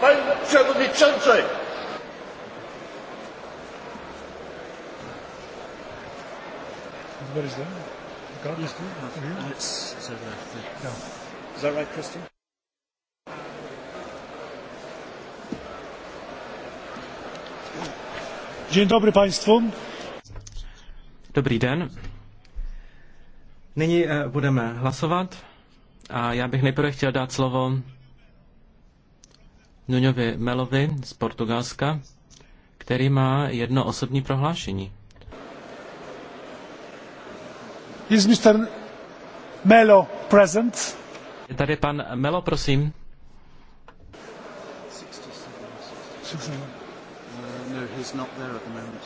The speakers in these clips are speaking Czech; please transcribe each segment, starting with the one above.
Pan przewodniczący! Where is that? The card yeah. is there? Yeah. it's, it's over No. Is that right, Christian? Dzień dobry Państwu. Dobrý den. Nyní eh, budeme hlasovat a já bych nejprve chtěl dát slovo Nuňovi Melovi z Portugalska, který má jedno osobní prohlášení. Is Mr. Melo present? Je tady pan Melo, prosím. Uh, no, he's not there at the moment.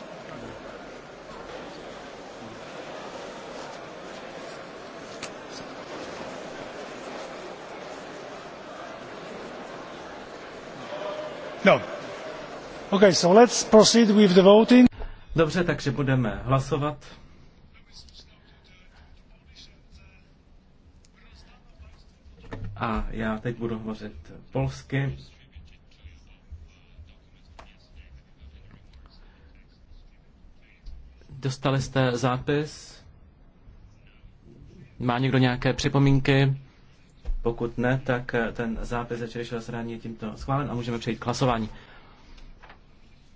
No. Okay, so let's proceed with the voting. Dobře, takže budeme hlasovat. A já teď budu hovořit polsky. Dostali jste zápis? Má někdo nějaké připomínky? Pokud ne, tak eh, ten zápis ze včerejšího zranění je tímto schválen a můžeme přejít k hlasování.